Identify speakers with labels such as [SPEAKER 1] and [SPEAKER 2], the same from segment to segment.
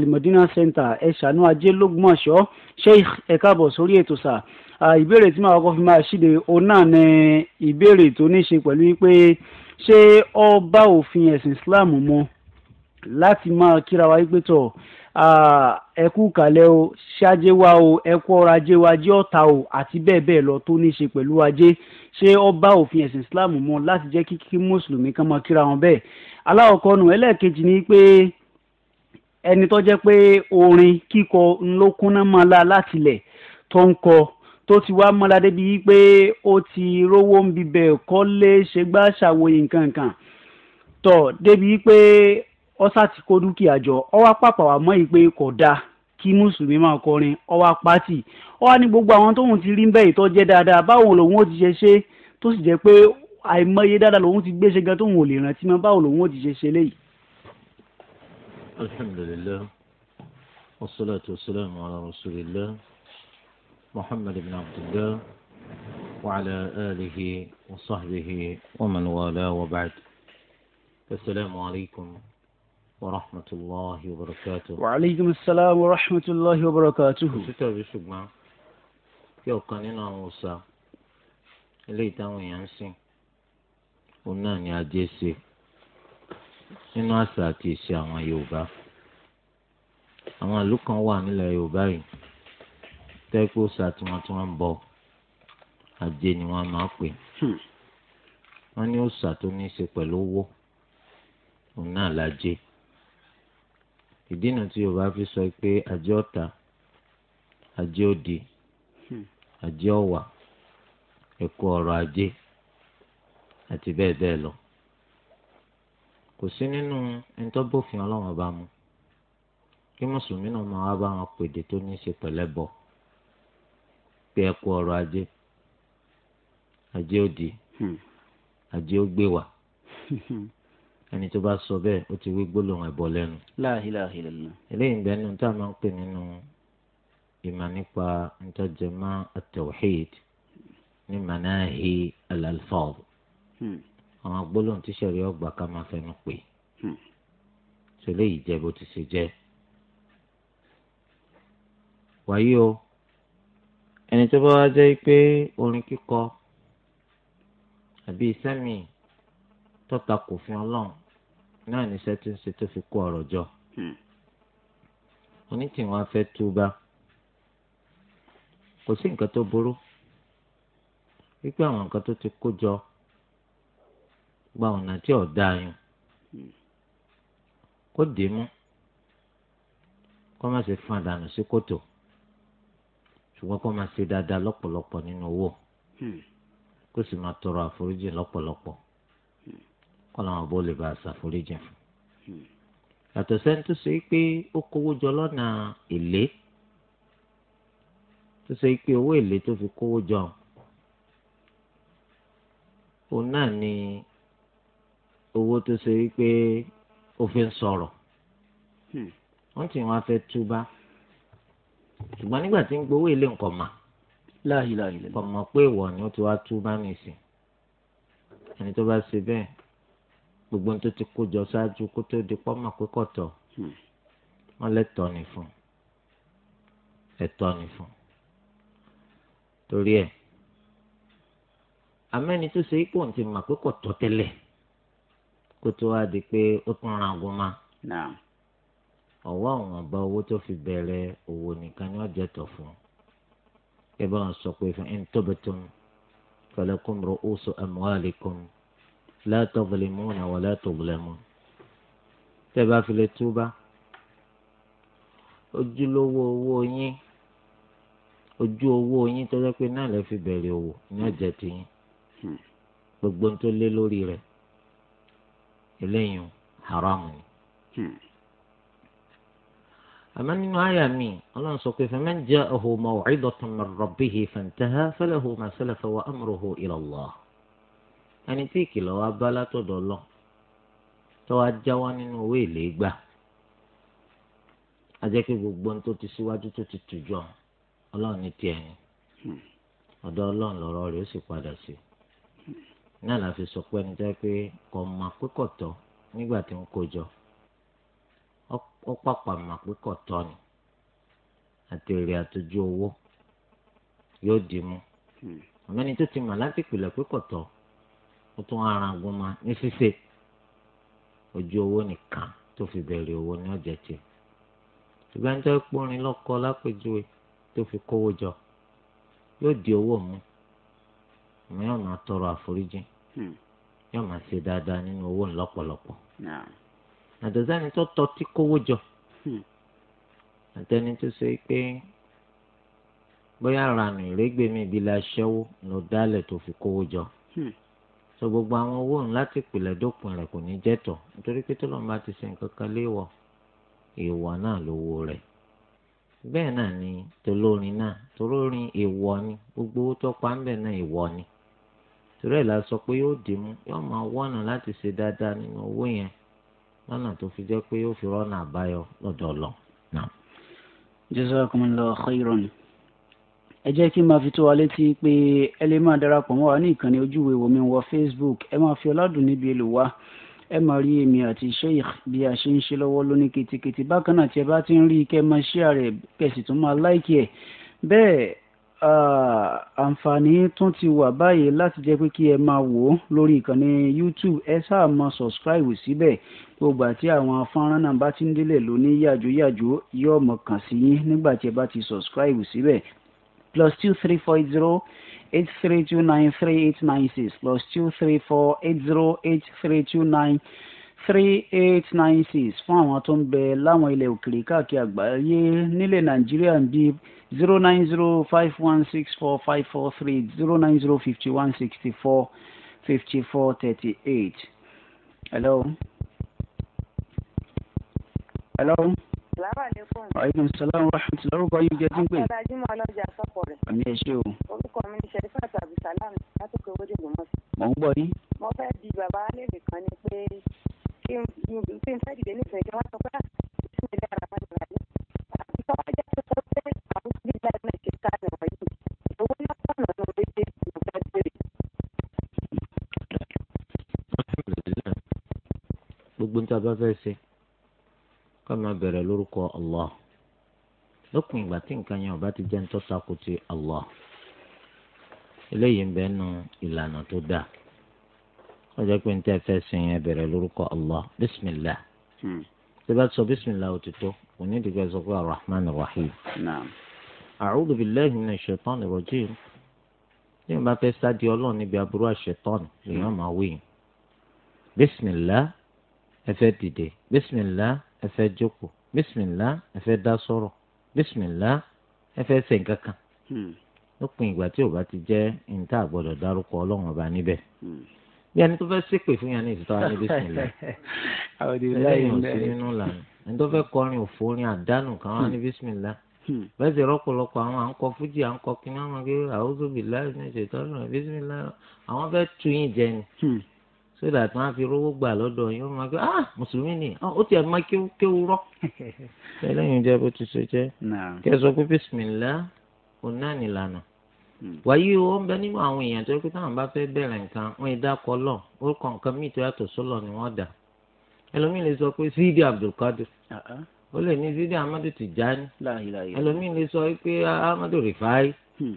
[SPEAKER 1] alimọdínà center ẹṣánú ajé lọgbọmọṣọ sheikh ẹ káàbọ̀ sórí ètò sà ìbéèrè tí màá kọ́kọ́ fi máa ṣíde òun náà ni ìbéèrè tó ní ṣe pẹ̀lú pé ṣé ó bá òfin ẹ̀sìn islam mu láti máa kíra wa pé tọ̀ ẹkú kàlẹ́ o ṣáájé wa o ẹkú ọrọ̀ ajé wa jẹ́ ọ̀tá o àti bẹ́ẹ̀ bẹ́ẹ̀ lọ tó ní ṣe pẹ̀lú ajé ṣé ó bá òfin ẹ̀sìn islam mu láti jẹ́ kí kí mùsùlùmí kan máa kíra wọn bẹ́ẹ̀ aláwọ̀kọ́nù ẹlẹ́ẹ̀kejì ni pé ẹni tó jẹ́ pé orin kíkọ ló kúnná mọ́lá látilẹ̀ tó ń kọ tó ti wá mọ́lá débi pé ó ti rówó ń bibẹ̀ kọ́lé ṣègbà ṣàwòyè nǹkan kan tó débi pé ọ́sà ti kó dúkìá jọ ó wá pàpà wá mọ́ ìpè kò dáa kí mùsùlùmí máa kọrin ọwọ́ apáàtì ọwọ́ ní gbogbo àwọn tóun ti rí ń bẹ́ ìtọ́jẹ́ dáadáa báwo lòun ó ti ṣe ṣe tó sì jẹ́ pé àìmọye dáadáa lòun ti gbé gan tóun ò lè rántí mọ́ báwo lòun ó ti ṣe ṣe léyìí.
[SPEAKER 2] الحمد لله والصلاة والسلام على رسول الله محمد بن عبد الله وعلى آله وصحبه ومن والاه وبعد السلام عليكم ورحمة الله وبركاته وعليكم السلام ورحمة الله وبركاته ستة بشكمة يوقننا موسى اللي تاوي ينسي ونان يا جيسي nínú àṣà àti ìṣe àwọn Yorùbá àwọn ìlú kan wà nílẹ̀ Yorùbá yìí tẹ́kọ̀ ṣá tí wọ́n ti wọ́n bọ ajé ni wọ́n máa pè hmm. wọ́n ní òòṣà tó ní í ṣe pẹ̀lú owó òun náà lajé ìdí nu tí Yorùbá fi sọ pé ajé ọ̀tà ajé òdì hmm. ajé ọ̀wà ẹ̀kọ́ ọ̀rọ̀ ajé àti bẹ́ẹ̀ bẹ́ẹ̀ lọ. kò sí nínú ẹni bófin ọlọ́run ọba mu kí mùsùlùmí náà máa wá bá wọn pèdè tó ní í ṣe pẹ̀lẹ́ bọ̀ pé ẹ kú ọrọ̀ ajé ajé hmm. ajé ó gbé hmm. ẹni tó bá sọ bẹ́ẹ̀ ó ti wí gbólóhùn ẹ̀bọ lẹ́nu. eléyìí ń bẹ nínú tá a máa ń pè nínú ìmọ̀ nípa àwọn gbólóhùn tí sẹ̀rí ọgbà ká máa fẹnu pè hmm. ṣẹlẹ̀ yìí jẹ́ bó ti ṣe jẹ́. wàyí o ẹni tó bá wá jẹ́ pé orin kíkọ àbí iṣẹ́ mi tọ́ta kò fi ọlọ́run náà níṣẹ́ tó ń ṣe tó fi kó ọ̀rọ̀ jọ. Hmm. onítìwọ́n afẹ́ túbá kò sí nǹkan tó burú wípé àwọn nǹkan tó ti kó jọ gba ọ̀nà tí ò dáa yùn kó dé mú kó má ṣe fún àdánù sí kòtò ṣùgbọ́n kó má ṣe dáadáa lọ́pọ̀lọpọ̀ nínú owó kó sì máa tọrọ àforíjì lọ́pọ̀lọpọ̀ kó làwọn bó lè bá a ṣàforíjì fún yàtọ̀ sẹ́ni tó ṣe pé ó kówó jọ lọ́nà èlé tó ṣe pé owó èlé tó fi kówó jọ òun náà ni owó tó ṣe wípé ó fi ń sọ̀rọ̀ hmm. wọ́n ti wọn fẹ́ túbá ṣùgbọ́n nígbà tí ń gbowó ilé nǹkan mà kò mọ̀ pé ìwọ ni ó ti wá túbá nìsín ẹni tó bá ṣe bẹ́ẹ̀ gbogbo ohun tó ti kó jọ ṣáájú kó tó di pọ́ mọ̀ pé kọ̀tọ̀ hmm. wọ́n lẹ́tọ̀ọ́ ni fún ẹ̀tọ́ ni fún torí ẹ̀ amẹ́ni tó ṣe ipò ti mọ̀ pé kọ̀tọ̀ tẹ́lẹ̀ kó tó wá di pé ó tún ran ago ma. ọ̀wọ́ àwọn ọba owó tó fi bẹ̀rẹ̀ òwò nìkan ni wọ́n jẹ́ tọ̀ fún. ẹ bá wọn sọ pé fún ẹni tó bẹ tó ń falakum ru'usu amwalikum la tadhlimuna wa la tudhlamun. tẹ́ bá fi lè túbá ojúlówó owó yín ojú owó yín tó pé náà lè fi bẹ̀rẹ̀ òwò ní ọ̀jẹ̀ tiyín hmm. gbogbo ń tó lé lórí rẹ̀ eléyìí haram ni. Hmm. àmọ́ nínú àyà mi ọlọ́run sọ pé faman ja'ahu maw'izatun min rabbihi fantaha falahu ma salafa wa amruhu ila Allah. ẹni tí ìkìlọ̀ wa bá látọ̀dọ̀ lọ tó wá jáwọ́ nínú owó èlé gbà á jẹ́ kí gbogbo tó ti síwájú tó ti tù jọ ọlọ́run ní tiẹ̀ ni hmm. ọ̀dọ̀ ọlọ́run lọ̀rọ̀ rẹ̀ ó sì padà sí i náà la fi sọ pé ẹni jẹ́ pé kò mà pé kò tọ́ nígbà tí ń kojọ ó pàpà mà pé kò tọ́ ni àti èrè àtòjú owó yóò dì mú hmm. àmọ́ ẹni tó ti mà láti pìlẹ̀ pé kò tọ́ ó tún arangun ma ní ṣíṣe ojú owó nìkan tó fi bẹ̀rẹ̀ owó ní ọ̀jẹ̀ tiẹ̀ ṣùgbọ́n ẹni tó ń pọ́nrin lọ́kọ lápèjúwe tó fi kówó jọ yóò di owó mú èmi yóò máa tọrọ àforíjì hmm. yóò máa ṣe dáadáa nínú owó ńlọ́pọ̀lọpọ̀ àtẹ̀sẹ́ni tó tọ́ tí kówó jọ hmm. àtẹni tó ṣe pé bóyá ranù ìrégbèmí ibi la ṣẹ́wó ló dálẹ̀ tó fi kówó jọ hmm. so gbogbo àwọn owó ńlá ti pìlẹ̀ dópin rẹ̀ kò ní jẹ́ nítorí pé tọ́lọ́mù bá ti ṣe nǹkan kan léèwọ̀ èèwọ̀ náà lówó rẹ̀ bẹ́ẹ̀ náà ni tolórin náà tolórin èèwọ̀ ni gbogbo owó tó pa ń bẹ̀ náà èèwọ̀ ni torí ẹ̀ la sọ pé yóò dì mú yóò máa wọ́nà láti ṣe dáadáa nínú owó yẹn lọ́nà tó fi jẹ́ pé yóò fi rọ́nà àbáyọ lọ́dọ̀ ọlọ́run náà. jazakumullahu khairan
[SPEAKER 1] ẹ jẹ́ kí n máa fi tó wa létí pé ẹ lè máa darapọ̀ mọ́ wa ní ìkànnì ojúwe wo mi wọ Facebook ẹ máa fi ọládùn níbi èlò wa ẹ máa rí èmi àti sheikh bí a ṣe ń ṣe lọ́wọ́ lóní kìtìkìtì bákan náà tí ẹ bá ti ń rí i kẹ́ máa share rẹ̀ kẹ́ sì tún máa like ẹ̀ bẹ́ẹ̀ Ah, àǹfààní tún ti wà báyìí láti jẹ́ pé kí ẹ máa wò ó lórí ìkànnì YouTube ẹ sáà mọ subscribe síbẹ̀ gbogbo àti àwọn fọ́nrán náà bá ti ń délẹ̀ lóní yàjóyàjó yóò mọ̀ kàn sí yín nígbà tí ẹ bá ti subscribe síbẹ̀ plus two three four zero eight three two nine three eight nine six plus two three four eight zero eight three two nine three eight nine six fún àwọn tó ń bẹ láwọn ilẹ̀ òkèèrè káàkiri àgbáyé nílẹ̀ nàìjíríà ń bí zero nine zero five one six four five four three zero nine zero fifty one sixty four fifty four thirty eight. hello. hello
[SPEAKER 3] salaamaleykum.
[SPEAKER 1] aleykum salaam wa rahmatulah orúkọ yín bí ẹ ti ń pè.
[SPEAKER 3] àtàlájúmọ̀ ọlọ́jà sọ́kọ̀ rẹ̀.
[SPEAKER 1] àmì ẹ̀ ṣe o. orúkọ mi
[SPEAKER 3] ni sẹ́rífàtà abdulsalam látòkè owó dègbò mọ́sí. mò ń gbọ́ yín. mo fẹ́ di bàbá alẹ́lẹ̀ kan ni pé kí n kí n fẹ́ dìde nísìnyí kí n wá sọ pé àti ah, mi lára máa nìyà ní
[SPEAKER 4] àbí tó wájà tó sọ pé àwọn bí láì náà ṣe ká nìwọ̀n yìí owó lásán náà ló dé dé ìgbà bèrè.
[SPEAKER 2] gbogbo bá fẹ́ ṣe ká máa bẹ̀rẹ̀ lórúkọ Allah lókun ìgbà tí nǹkan yẹn ò ti jẹ́ ń tọ́ta kò ti Allah eléyìí ń bẹ́ẹ̀ nu ìlànà tó dáa ọjọ́ pé ní tẹ́ fẹ́ sìn yẹn bẹ̀rẹ̀ lórúkọ allah bismillah ṣé hmm. bá sọ bismillah òtítọ́ òní ìdìgbà sọ pé arrahman rahim. a'udhu billahi minash shaitani rajim tí n bá fẹ́ sáde ọlọ́run níbi aburú àṣetọ́nù èèyàn máa wí yìí bísímìlá ẹ fẹ́ dìde bísímìlá ẹ fẹ́ jókòó bísímìlá ẹ fẹ́ dá sọ̀rọ̀ bísímìlá ẹ fẹ́ ṣe nǹkan kan hmm. lópin ìgbà tí ò bá ti jẹ́ níta àgbọ̀dọ̀ dárúkọ ọlọ́run ọba níbẹ̀ hmm bí ẹni tó fẹ́ ṣépè fún yàn ní ìsìtọ́ wa ní bísímìlá ẹlẹ́yìn òsì nínú lànà ẹni tó fẹ́ kọrin òfò orin àdánù kan wá ní hmm. bísímìlá hmm. bẹ́ẹ̀ sì rọ́pọ̀lọpọ̀ àwọn à ń kọ fújì à ń kọ kíní wọn kí àwùjọ bìlá ní ìṣètò ọ̀nà bísímìlá àwọn fẹ́ tu yín jẹ ni hmm. sódà tí wọ́n fi rówó gbà lọ́dọ̀ yín wọ́n máa gbé ah mùsùlùmí ni ah, ó tiẹ̀ máa kéwú rọ́ ẹlẹ́yìn jẹ́ bó ti ṣe jẹ́ kẹ́ sọ pé bísímìlá òun náà nìlànà Hmm. wàyí o ń bẹ nínú àwọn èèyàn tó kí táwọn bá fẹ́ bẹ̀rẹ̀ nǹkan wọ́n yìí dákọ lọ orúkọ nǹkan míì tó yàtọ̀ sọlọ ni wọn dà ẹlòmíì lè sọ pé sídìí abdulkadir uh-huh. ó lè ní sídìí amadu ti já ní. ẹlòmíì lè sọ pé amadu rifai hmm.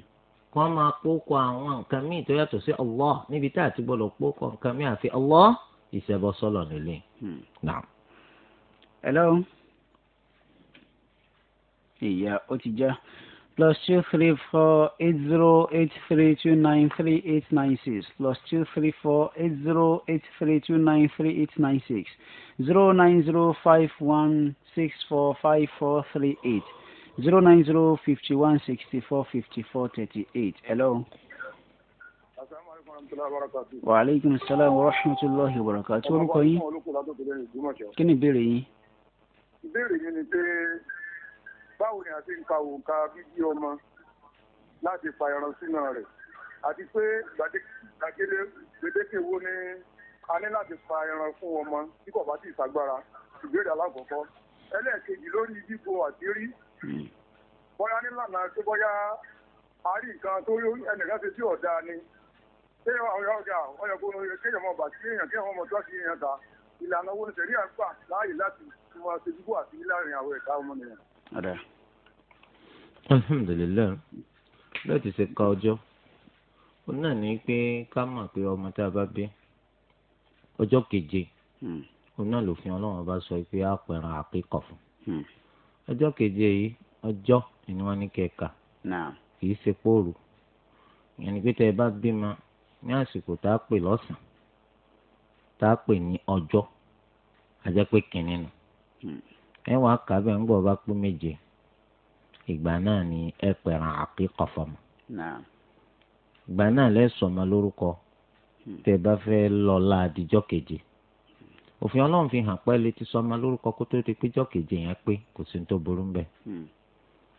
[SPEAKER 2] kí wọ́n máa kókó àwọn nǹkan míì tó yàtọ̀ sí allah níbi tá a ti gbọ́dọ̀ kókó nǹkan míì àfi allah ìṣẹbọ sọlọ nílé. Hmm. hello ìyá ó ti já.
[SPEAKER 1] plus two three four eight zero eight three two nine three eight nine six plus two three four eight zero eight three two nine three eight nine six zero nine zero five one six four five four three eight zero nine zero fifty one sixty four fifty four thirty eight hello. wa aleykum salaam wa rahmatulahi wa barakatuh orúkọ yín kí ni ìbéèrè yín.
[SPEAKER 5] ìbéèrè mi ni pé. báwo ni a ṣe ń ka bíbí ọmọ láti fa ẹran sínú àti pé gbàgede gbèdéke wo ni a ní láti fa ẹran fún ọmọ tí kò bá sì ṣàgbára ìbéèrè alákọ̀ọ́kọ́ ẹlẹ́ẹ̀kejì lórí bíbo àṣírí hmm. bóyá nílànà tó bóyá a rí nǹkan tó ẹnìkan ṣe tí ni kéèyàn ọ̀yọ́ ọ̀gá ọ̀yọ́ kó kéèyàn mọ̀ bàtí kéèyàn kéèyàn tó ta ìlànà owó gbà láàyè láti ṣe láàrin àwọn ọmọnìyàn.
[SPEAKER 2] alhamdulilayi láti ṣe ka ọjọ́ ó náà ní pé ká mọ̀ pé ọmọ tá a bá bí ọjọ́ keje ó hmm. náà lòfin ọlọ́run bá sọ pé á pẹ̀ràn àpékọ̀ fún hmm. ọjọ́ keje yìí ọjọ́ ni wọ́n ní kẹka kì ṣe ìyẹn ni pé tẹ́ ẹ a pè lọ́sàn tá a pè ní ọjọ́ hmm. ń bá pé méje. ìgbà náà ni ẹ pẹ̀ràn àkíkọ̀ fọmọ. ìgbà náà lẹ́sọ̀ ọmọ lórúkọ hmm. tẹ́ bá fẹ́ lọ àdìjọ́ keje. òfin ọlọ́run fi hàn pẹ́ létí sọmọ lórúkọ kó tó di péjọ́ keje yẹn pé kò sí tó burú bẹ́ẹ̀. Hmm.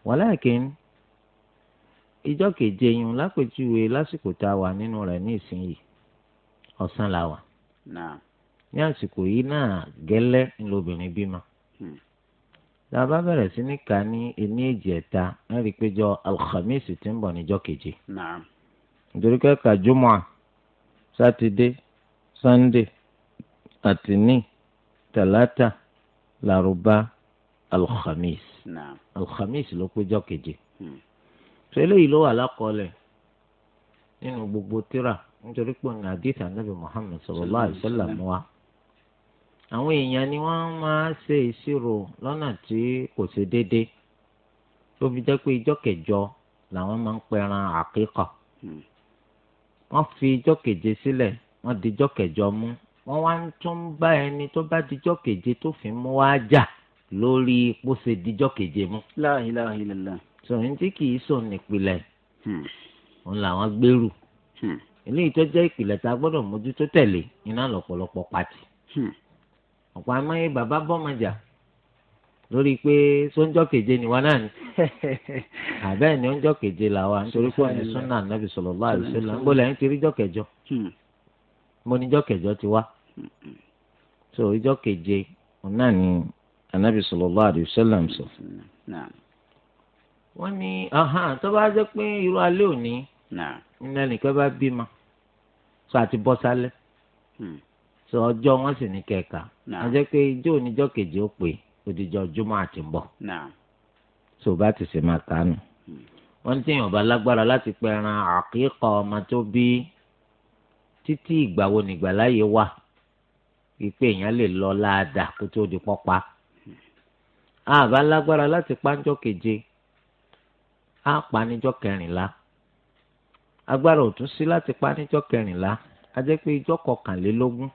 [SPEAKER 2] wàláàkín ìjọ́ keje yìí lápèjúwe lásìkò tá a wà nínú rẹ̀ ní ìsinyìí ọ̀sán la wà. ní àsìkò yìí náà gẹ́lẹ́ ńlọbìnrin bímọ. Hmm. tá a bá bẹ̀rẹ̀ sí ní ká ní ẹni èjì ẹ̀ta ẹ̀ rí i pé jọ alhamis ti ń bọ̀ níjọ́ keje. nítorí kẹ́ka jùmọ̀à sátidé sannde àtìní tàlátà làrúbá alhamis alhamis ló péjọ keje. Hmm. sọ eléyìí ló wà lákọọ́lẹ̀ nínú gbogbo tírà nítorí pé ní àdìsá nàbì muhammed sallallahu alaihi wasallam àwọn èèyàn ni wọ́n máa ṣe ìṣirò lọ́nà tí kò ṣe déédéé tó fi jẹ́ pé ìjọ́ kẹjọ làwọn máa ń pẹran àkíkà hmm. wọ́n fi ìjọ́ keje sílẹ̀ wọ́n di ìjọ́ kẹjọ mú wọ́n wá ń tún bá ẹni tó bá di ìjọ́ keje tó fi mú wá jà lórí bó di ìjọ́ keje mú. la ilaha illallah. sọ̀rọ̀ tí kì í sọ nípìnlẹ̀ hmm. òun làwọn gbèrú hmm. eléyìí tó jẹ́ ìpìlẹ̀ tá a gbọ́dọ̀ mójútó tẹ̀lé iná lọ́pọ̀lọpọ̀ pàtì. ọ̀pọ̀ amáyé bàbá bọ́mọjà lórí pé sọ́njọ́ keje ni wọn náà ni àbẹ́ẹ̀ ni ọjọ́ keje là wa nítorí pé ọ̀nà súnà nàbì sallallahu alaihi ń hmm. mo ti wá hmm, hmm. so naa ni ànábì sallallahu sọ. wọ́n ní tó bá jẹ́ òní ní ẹnìkan bá bímọ so àti bọ́ so ọjọọ wọn sì ní kẹka a jẹ́ pé ijó oníjọ́ kejì ó pè odijọ́ júmọ́ àti bọ̀ so bá ti ṣe máa kánú hmm. wọn ti yàn bá lágbára láti pẹ́ ran àkíkọ́ ọmọ tó bí títí ìgbà wo wà wípé èèyàn lè lọ láàdà kó tó di keje pa níjọ́ kẹrìnlá agbára ò tún sí láti pa kẹrìnlá a pé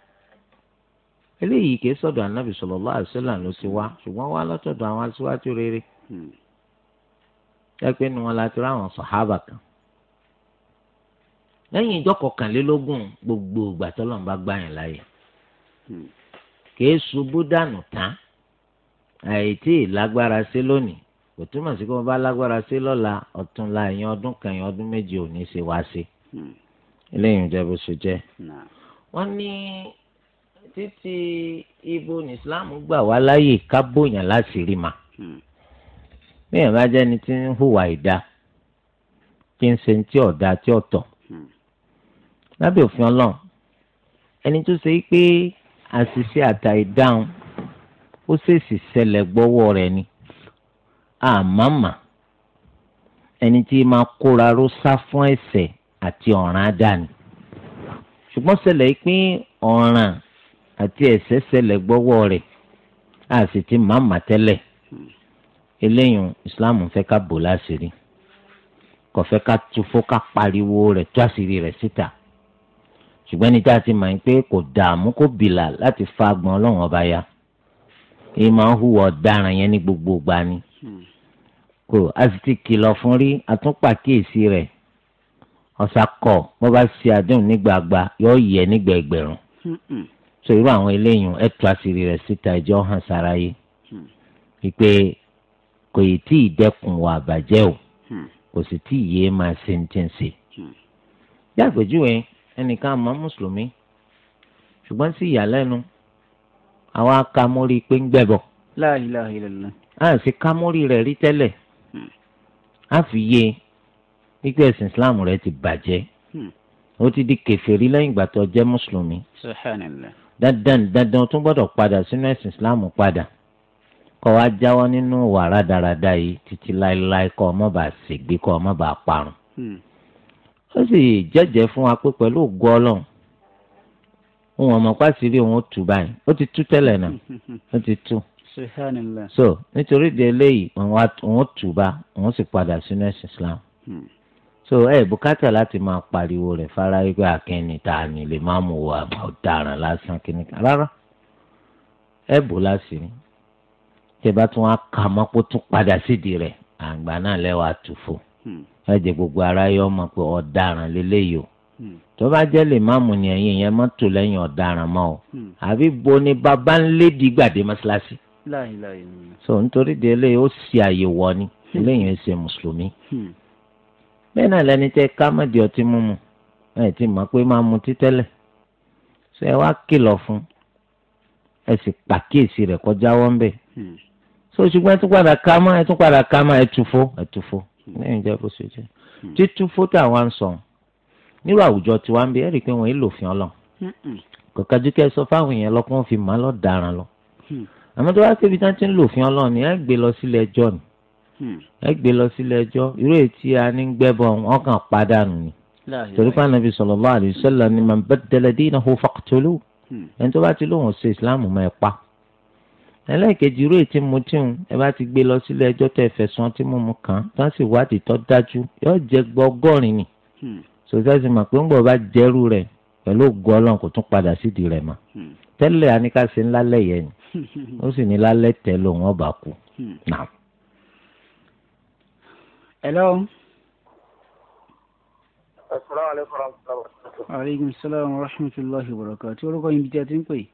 [SPEAKER 2] eléyìí kìí sọ̀dọ̀ anabi sọlọ alaihi wasallam ló ti wá ṣùgbọ́n wá látọ̀dọ̀ àwọn aṣíwájú rere jẹ́ hmm. pé nu wọn la ti rá àwọn sàhábà kan lẹ́yìn ìjọ kọkànlélógún gbogbo ìgbà tọ́lọ́run bá gbà yín láàyè hmm. kìí ṣubú dànù tán àìtí lágbára sí lónìí kò túmọ̀ sí kí wọ́n bá lágbára sí lọ́la ọ̀túnla ẹ̀yìn ọdún kan ẹ̀yìn ọdún méje ò ní ṣe wá sí hmm. eléyìí ń jẹ́ bó ṣe jẹ́ wọ́n ní títí ibo ní islam gbà wá láyè ká bòyàn láti rí ma hmm. bẹ́ẹ̀ bá jẹ́ni tí ń hùwà ìdá tí ń ṣe tí ọ̀dà tí ọ̀tọ̀ hmm. lábẹ́ òfin ọlọ́run ẹni tó ṣe pé àṣìṣe àtà ìdáhùn ó ṣèèṣì ṣẹlẹ̀ gbọ́wọ́ rẹ̀ ni àmàmà ẹni tí máa kóra ró sá fún ẹ̀ṣẹ̀ àti ọ̀ràn àdáni ṣùgbọ́n ṣẹlẹ̀ pé ọ̀ràn àti ẹ̀ṣẹ̀ ṣẹlẹ̀ gbọ́wọ́ rẹ̀ a sì ti máa mà tẹ́lẹ̀ eléyìí islam fẹ́ ká bò láṣìírí kò fẹ́ ká tufó ká pariwo rẹ̀ tú àṣírí rẹ̀ síta ṣùgbọ́n ní tá a ti mọ̀ pé kò dààmú kó bìlà láti fa agbọn ọlọ́run ọba ya èyí máa ń hùwà ọ̀daràn yẹn ní gbogbo ìgbà ni kò a sì ti kìlọ̀ fún rí àtúnpàkíyèsí rẹ̀ ọ̀sà kọ̀ bó bá ṣe àdéhùn nígbàgbà yóò yẹ nígbà ẹgbẹ̀rún so irú àwọn eléyìí ẹ tú àṣírí rẹ̀ síta ẹjọ́ hàn sára yìí hmm. wípé kò yìí tí ì dẹ́kun wà bàjẹ́ o hmm. kò sì tí ì yé e máa ṣe ń tẹ̀ ṣe. Hmm. bí àpèjúwe ẹnìkan àmọ́ mùsùlùmí ṣùgbọ́n sí ìyàlẹ́nu àwọn akamórí pé ń gbẹ̀bọ̀.
[SPEAKER 1] la ilaha illallah.
[SPEAKER 2] a sì kámórí rẹ̀ rí tẹ́lẹ̀ a fi yé e wípé ẹ̀sìn islam rẹ̀ ti bàjẹ́ ó ti di kèfèrí lẹ́yìn ìgbà tó jẹ́ mùsùlùmí dandan dandan tún gbọ́dọ̀ padà sínú ẹ̀sìn islam padà kọ́ wa jáwọ́ nínú wà rádaràda yìí títí láéláé kọ́ ọmọ bá ṣègbè kọ́ ọmọ bá parun. Hmm. ó sì jẹ́jẹ́ fún wa pé pẹ̀lú ògùn ọlọ́run òun ọmọ pàṣírí òun ó tù báyìí ó ti tú tẹ́lẹ̀ náà ó ti tú. so nítorí ìdí eléyìí òun ó tù bá òun sì padà sínú ẹ̀sìn islam. Hmm so ẹ bukata láti máa pariwo rẹ̀ fara wípé akínni ta ni lè má mú wa ọ̀daràn lásán kínní kan rárá ẹ bò láṣìírí tẹ́ bá tún wá kà mọ́ pé tún padà sídìí rẹ̀ àgbà náà lẹ́wàá tùfò hmm. ẹ jẹ́ gbogbo ara yọ ọmọ pé ọ̀daràn lélẹ́yìí o hmm. tó bá jẹ́ lè má mú ni ẹ̀yìn yẹn má tò lẹ́yìn ọ̀daràn mọ́ o hmm. àbí bo ni bàbá ń lé dìgbàdé mọ́ṣáláṣí so nítorí de eléyìí ó ṣe àyèwọ́ ni eléyìí ń ṣe mùsùlùmí bẹ́ẹ̀ náà lẹni tẹ́ ká mọ̀dí ọtí mímu ẹ̀ ti mọ̀ pé máa mutí tẹ́lẹ̀ ṣé ẹ wá kìlọ̀ fún ẹ sì pàkíyèsí rẹ̀ kọjá wọ́n bẹ̀ hmm. so ṣùgbọ́n ẹ tún padà ká mọ́ ẹ tún padà ká mọ́ ẹ túfó ẹ túfó lẹ́yìn hmm. jẹ́ bó ṣe jẹ́ hmm. títúfó táwọn ń sọ̀n nírú àwùjọ tí wọ́n ń bí ẹ rí i pé wọ́n ń lò fín ọlọ́run kọ̀ọ̀kájú sọ fáwọn èèyàn lọ́kàn fi màá lọ́ọ́ daràn lọ àmọ́ tó wá síbi tí wọ́n ti ń lò fín ni ẹ gbé lọ sílé ẹjọ́ ni Hmm. ẹ gbé lọ sílé ẹjọ́ irú ètí a ní gbẹ́bọ̀ wọn kàn pàdánù ni torí pé anabi sallallahu alaihi wasallam ni man baddala dinahu faqtuluhu hmm. ẹni tó bá ti lóun ṣe islam mọ́ ẹ pa ẹlẹ́ẹ̀kejì irú ètí mu tí ń ẹ bá ti gbé lọ sílé ẹjọ́ tẹ fẹ̀sùn tí mímu kàn tá sì wádìí tó dájú yóò jẹ gbọgọ́rin ni hmm. sòtẹ́sì mà pé ń gbọ́ bá jẹ́rú rẹ̀ pẹ̀lú ògùn ọlọ́run kò tún padà sídìí rẹ̀ mọ́ tẹ́lẹ̀ àníkàṣe ńlá lẹ́yẹ ni ó sì ní lálẹ́ tẹ́ lòun ọba kú náà
[SPEAKER 1] hello.
[SPEAKER 5] asalaamualeykum wa rahmatulahi wa barakatu.
[SPEAKER 1] aleykum salaam wa rahmatulahi wa barakatu. orúkọ yín bí tí a ti ń pè é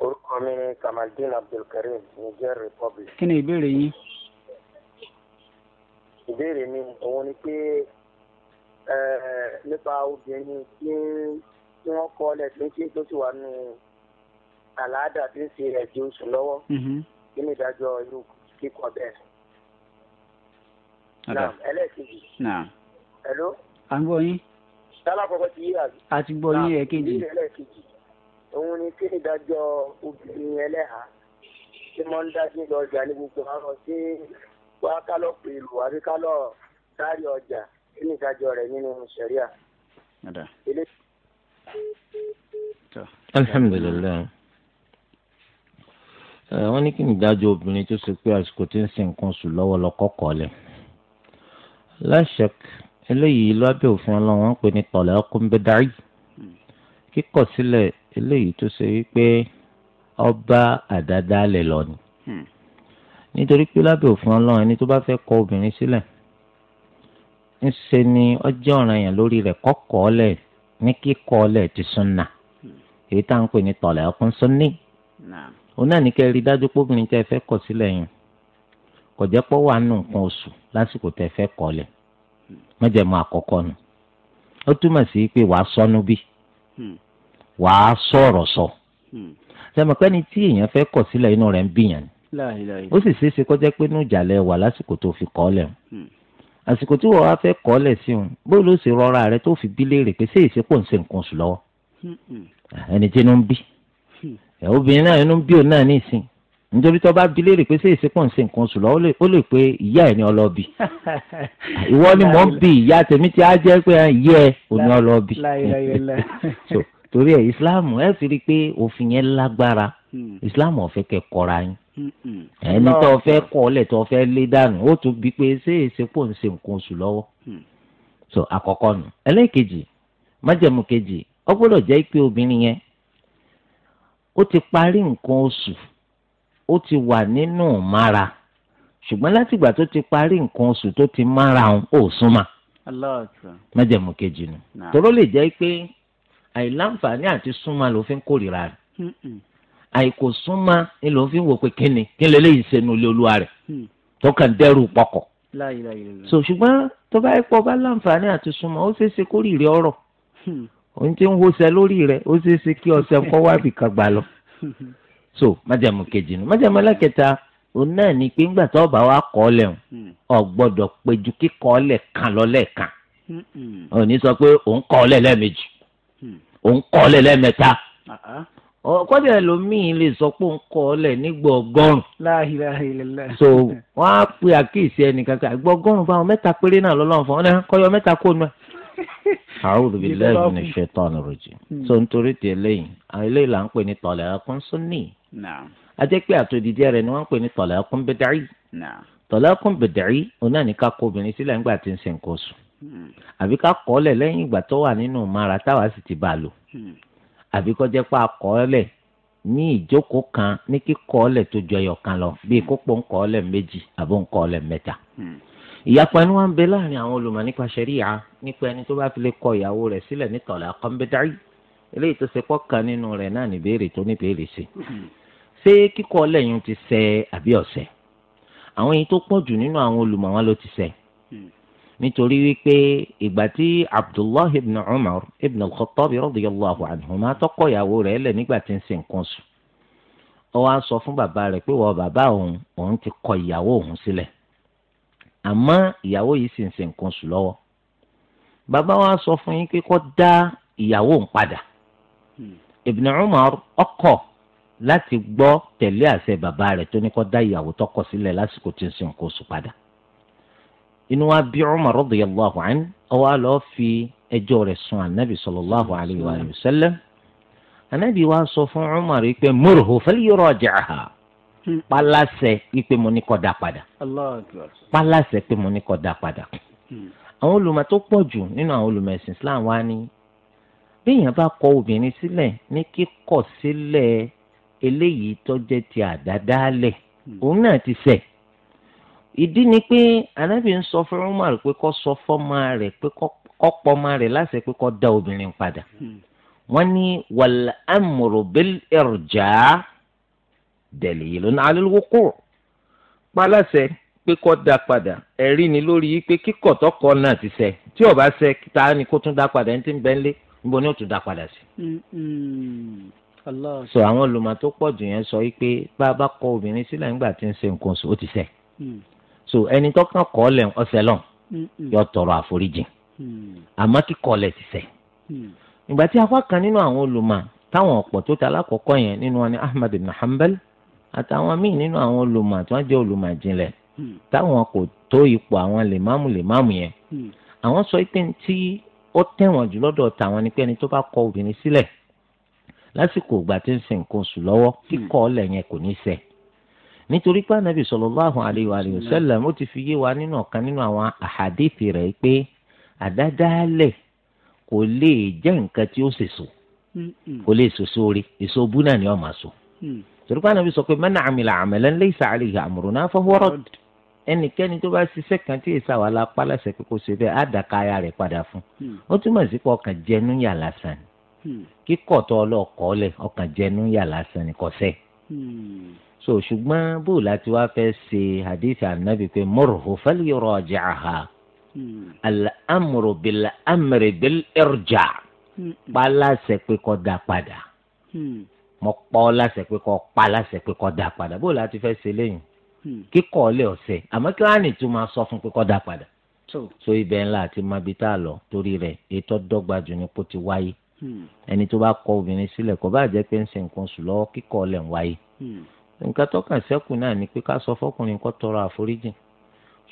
[SPEAKER 5] orúkọ mi ni kamaldeen abdulkareem niger republic.
[SPEAKER 1] kí ni ìbéèrè yín.
[SPEAKER 5] ìbéèrè mi òun ni pé
[SPEAKER 3] nípa obìnrin tí tí wọ́n kọ́ ọ́lẹ̀ tí tó sì wà nù àlàáda tí ń ṣe ẹ̀jẹ̀ oṣù lọ́wọ́ mm-hmm. kí ni ìdájọ́ irú kíkọ bẹ́ẹ̀ naam ẹlẹ́ẹ̀kejì. naam. ẹ̀ló. à ń gbọ́ yín. sálá kọ́kọ́ ti yí àbí.
[SPEAKER 1] a ti gbọ́ yín ẹ̀kejì. naam
[SPEAKER 3] ẹlẹ́ẹ̀kejì òun ni kí ni ìdájọ́ obìnrin ẹlẹ́hàá tí wọ́n ń dá sí ọjà ní
[SPEAKER 5] gbogbo àwọn tí wọ́n á kálọ̀ pé ìlú àbí kálọ̀ sáré ọjà kí ni ìdájọ́ rẹ̀ nínú sẹ̀ríà.
[SPEAKER 2] alhamdulilayi wọ́n ní kí ni ìdájọ́ obìnrin tó ṣe pé àsìkò tí ń sin nǹkan sùn lọ́wọ́ lọ kọ́kọ́ lẹ̀ láṣẹk eléyìí lábẹ́ òfin ọlọ́run wọ́n ń pè ní talaqun bid'i hmm. kíkọ̀ sílẹ̀ eléyìí tó ṣe wípé ọba àdádálẹ̀ lọ ni hmm. nítorí pé lábẹ́ òfin ọlọ́run ẹni tó bá fẹ́ kọ obìnrin sílẹ̀ ńṣe ni ọjọ́ ọ̀ranyàn lórí rẹ̀ kọ́kọ́ lẹ̀ ní kíkọ́ lẹ̀ ti sunna hmm. èyí tá à ń pè ní talaqun sunni òun náà ní kẹ́ rí dájú pé obìnrin tẹ́ fẹ́ kọ̀ sílẹ̀ yẹn kò jẹ́ pọ́ wà nù nǹkan oṣù lásìkò tẹ fẹ́ kọ́lẹ̀ mẹ́jẹ̀mú àkọ́kọ́ nù ó túmọ̀ sí pé wàá sọnù bí hmm. wàá sọ̀rọ̀ sọ sẹ́mọ̀pẹ́ni hmm. tí èèyàn fẹ́ kọ̀ sílẹ̀ inú rẹ̀ ń bìyàn ó sì ṣeéṣe kó jẹ́ pé inú ìjàlẹ̀ wà lásìkò tó fi kọ́lẹ̀ hmm. àsìkò tí wọ́n wá fẹ́ kọ́lẹ̀ sí òun bó ló ṣe rọra rẹ tó fi bí léèrè pé ṣé ìṣepò ń ṣe nǹkan oṣù lọ́wọ́ ẹni tí inú ń bí obìnrin náà inú ń bí òun náà ní ìsìn nítorí tó bá bi léèrè pé ṣé ìsìnkú ń ṣe nǹkan oṣù lọ ó lè pé ìyá ẹ̀ ni ọlọ́bì
[SPEAKER 4] ìwọ ni mò ń bi
[SPEAKER 2] ìyá tèmi tí a jẹ́ pé ìyá ẹ̀ ò ní ọlọ́bì torí ẹ̀ ìsìláàmù ẹ̀ fi rí i pé òfin yẹn lágbára hmm. ìsìláàmù ọ̀fẹ́ kẹ̀ yín
[SPEAKER 4] hmm, hmm. ẹni tó fẹ́
[SPEAKER 2] kọ́lẹ̀ tó fẹ́ lé dànù ó tún bi pé ṣé ìsìnkú ń ṣe nǹkan oṣù lọ́wọ́ so àkọ́kọ́ nù ẹlẹ́ẹ̀kejì májẹ̀mú kejì ó gbọ́dọ̀ jẹ́ pé obìnrin yẹn ó ó ti wà nínú mára ṣùgbọ́n látìgbà tó ti parí nǹkan oṣù tó ti mára òun ò súnmọ́ májẹ̀mú kejì nù tóró lè jẹ́ pé àìláǹfààní àti súnmọ́ ló fi ń kórìíra rẹ̀ àìkò súnmọ́ ni ló fi ń wò pé kíni kí n lè léyìí sẹ́nu ilé olúwa rẹ̀ mm. tó kàn dẹ́rù pọkọ̀ so ṣùgbọ́n tó bá yẹ pọ̀ bá láǹfààní àti súnmọ́ ó ṣeé ṣe kórìíra ọ̀rọ̀ òun hmm. ti ń wọṣẹ lórí rẹ̀ ó ṣeé ṣe kí ọṣẹ kọ́ wábì kan lọ hmm. so májàmú kejì nu májàmú alákẹta òun náà ni pé ńgbà tó wa kọ́ ọ lẹ́hùn hmm. ọ péjú kíkọ́ ọ kan ò hmm, hmm. ní sọ pé òun kọ́ ọ lẹ́ẹ̀mejì òun kọ́ ọ lẹ̀ lẹ́ẹ̀mẹ́ta kọ́dà lè sọ pé òun kọ́ ọ so wọ́n á pe àkíyèsí ẹnìkan kan àgbọ̀ fún àwọn mẹ́ta péré náà lọ́lọ́run fún so eléyìí là ń pè ní ajẹ́ pé àtòdìdí rẹ̀ ni wọ́n ń pè ní talaqun bid'i talaqun bid'i òun náà ní ká kó obìnrin sílẹ̀ nígbà tí ń ṣe nǹkan oṣù hmm. àbí ká kọ́ ọ́ lẹ̀ lẹ́yìn ìgbà tó wà nínú ìmọ̀ra táwa sì ti bá a lò hmm. àbí kọ́ jẹ́ pé a kọ́ ọ́ lẹ̀ ní ìjókòó kan ní kíkọ́ ọ́ lẹ̀ tó ju ẹyọ kan lọ bíi kópo ń kọ́ ọ́ lẹ̀ méjì àbó ń kọ́ ọ́ lẹ̀ mẹ́ta hmm. ìyapa ni wọn ń bẹ láàrin àwọn olùmọ̀ nípa ṣẹríya nípa ẹni tó bá fi lè kọ ìyàwó rẹ̀ sílẹ̀ ní talaqun bid'i eléyìí tó ṣe pọ́kàn nínú rẹ̀ náà ní béèrè tó ní béèrè sí hmm. ṣé kíkọ́ lẹ́yìn ti ṣẹ àbí ọ̀ṣẹ́ àwọn èyí tó pọ̀ jù nínú àwọn olùmọ̀ ló ti ṣẹ hmm. nítorí wípé ìgbà tí abdullahi ibn umar ibn al-khattab radiyallahu anhuma tọkọ ìyàwó rẹ̀ lẹ̀ nígbà tí ń ṣe nǹkan sùn ó wá sọ fún bàbá rẹ̀ pé wọ́n bàbá òun òun ti kọ ìyàwó òun sílẹ̀ àmọ́ ìyàwó yìí sì ń ṣe nǹkan sùn lọ́wọ́ bàbá wa sọ fún yín pé kó dá ìyàwó òun padà Ibn Umar ọkọ̀ láti gbọ́ tẹ̀lé àṣẹ bàbá rẹ̀ tó ní kó dá ìyàwó tọkọ sílẹ̀ lásìkò tí ń sin nǹkan oṣù padà inú wa bí Umar radiyallahu anhu ọwọ́ àlọ́ fi ẹjọ́ rẹ̀ sùn ànábì sallallahu alayhi wa sallam ànábì wa sọ fún Umar rí pé murhu falyuraji'ha palasẹ̀ pé mo ní kó dá padà palasẹ̀ pé mo ní kó dá padà hmm. àwọn olùmọ̀ tó pọ̀ jù nínú àwọn olùmọ̀ ẹ̀sìn Islam wa ni téèyàn bá kọ obìnrin sílẹ̀ ní kíkọ̀ sílẹ̀ eléyìí tó jẹ́ ti àdádálẹ̀ hmm. òun náà ti ṣẹ̀ ìdí ni pé anábì ń sọ fún Umar pé kó sọ fọ́mọ rẹ̀ pé kó pọ́mọ rẹ̀ láṣẹ pé kó dá obìnrin padà hmm. wọ́n ní wal amru bil irja dalilun ala al-wuqu' paláṣẹ pé kó dá padà ẹ̀rí ni lórí pé kíkọ̀ tọkọ náà ti ṣẹ̀ tí ó bá ṣẹ̀ ni kó tún dá padà ẹni tí ń bẹ́ńlé níbo ni ó tún dá padà sí. Mm-hmm. sọ àwọn olùmọ̀ tó pọ̀ jù yẹn sọ wípé bá a bá kọ obìnrin sílẹ̀ nígbà tí ń ṣe nǹkan oṣù ó ti ṣẹ̀ mm. so ẹni tó kàn kọ́ lẹ̀ ọ̀sẹ̀ lọ́n yóò tọrọ àforíjì mm. àmọ́ kíkọ́ lẹ̀ ti ṣẹ̀ mm. ìgbà tí apá kan nínú àwọn olùmọ̀ táwọn ọ̀pọ̀ tó ta alákọ̀ọ́kọ́ yẹn nínú wọn ni Ahmad ibn Hanbal àtàwọn míì nínú àwọn olùmọ̀ tí wọ́n jẹ́ olùmọ̀ jinlẹ̀ táwọn kò tó ipò àwọn lèmáàmù lèmáàmù yẹn àwọn sọ pé tí ó tẹ̀wọ̀n jù lọ́dọ̀ tàwọn ni pé ẹni tó bá kọ obìnrin sílẹ̀ lásìkò ìgbà tí ń sin nǹkan oṣù lọ́wọ́ kíkọ́ hmm. ọ̀lẹ̀ yẹn kò ní ṣẹ nítorí pé anabi sallallahu alayhi wa sallam ó ti fi yé wa nínú ọ̀kan nínú àwọn àhàdìtì rẹ̀ pé àdádálẹ̀ kò lè jẹ́ nǹkan tí ó sèso hmm. kò lè soso rí èso bú ni ọ̀ máa so hmm. torí pé anabi sọ pé man amila amalan laysa alayhi amruna fahuwa radd ẹnikẹ́ni tó bá ṣiṣẹ́ kan tí èsà wà la pa láṣẹ pé kó ṣe bẹ́ẹ̀ á dà káyà rẹ̀ padà fún hmm. ó túmọ̀ sí pé ọkàn jẹnu yà lásán ni hmm. kíkọ̀ tó ọlọ́ọ̀kọ́ lẹ̀ ọkàn jẹnu yà lásán ni kọ́sẹ́
[SPEAKER 4] hmm.
[SPEAKER 2] so ṣùgbọ́n bó láti wá fẹ́ ṣe hadith anabi pé murhu falyuraji'ha al-amru bil-amri bil-irja' pa láṣẹ pé kó dá padà mo pa ọ́ láṣẹ pé kó pa láṣẹ pé kó dá padà bó láti fẹ́ ṣe lẹ́yìn Hmm. kíkọ́ ọ̀lẹ́ ọ̀sẹ̀ àmọ́ kí wàá nìtú máa sọ fún pé kọ́ da padà so ibẹ̀ ńlá àti mabi tá a lọ torí rẹ̀ ètò dọ́gba jù ní kó ti wáyé hmm. ẹni tó bá kọ obìnrin sílẹ̀ kó bá jẹ́ pé ń ṣe nǹkan sùn lọ́wọ́ kíkọ́ ọ̀lẹ́ ń wáyé hmm. nǹkan tó kàn ṣẹ́kù náà ni pé ká sọ fọkùnrin kó tọrọ àforíjìn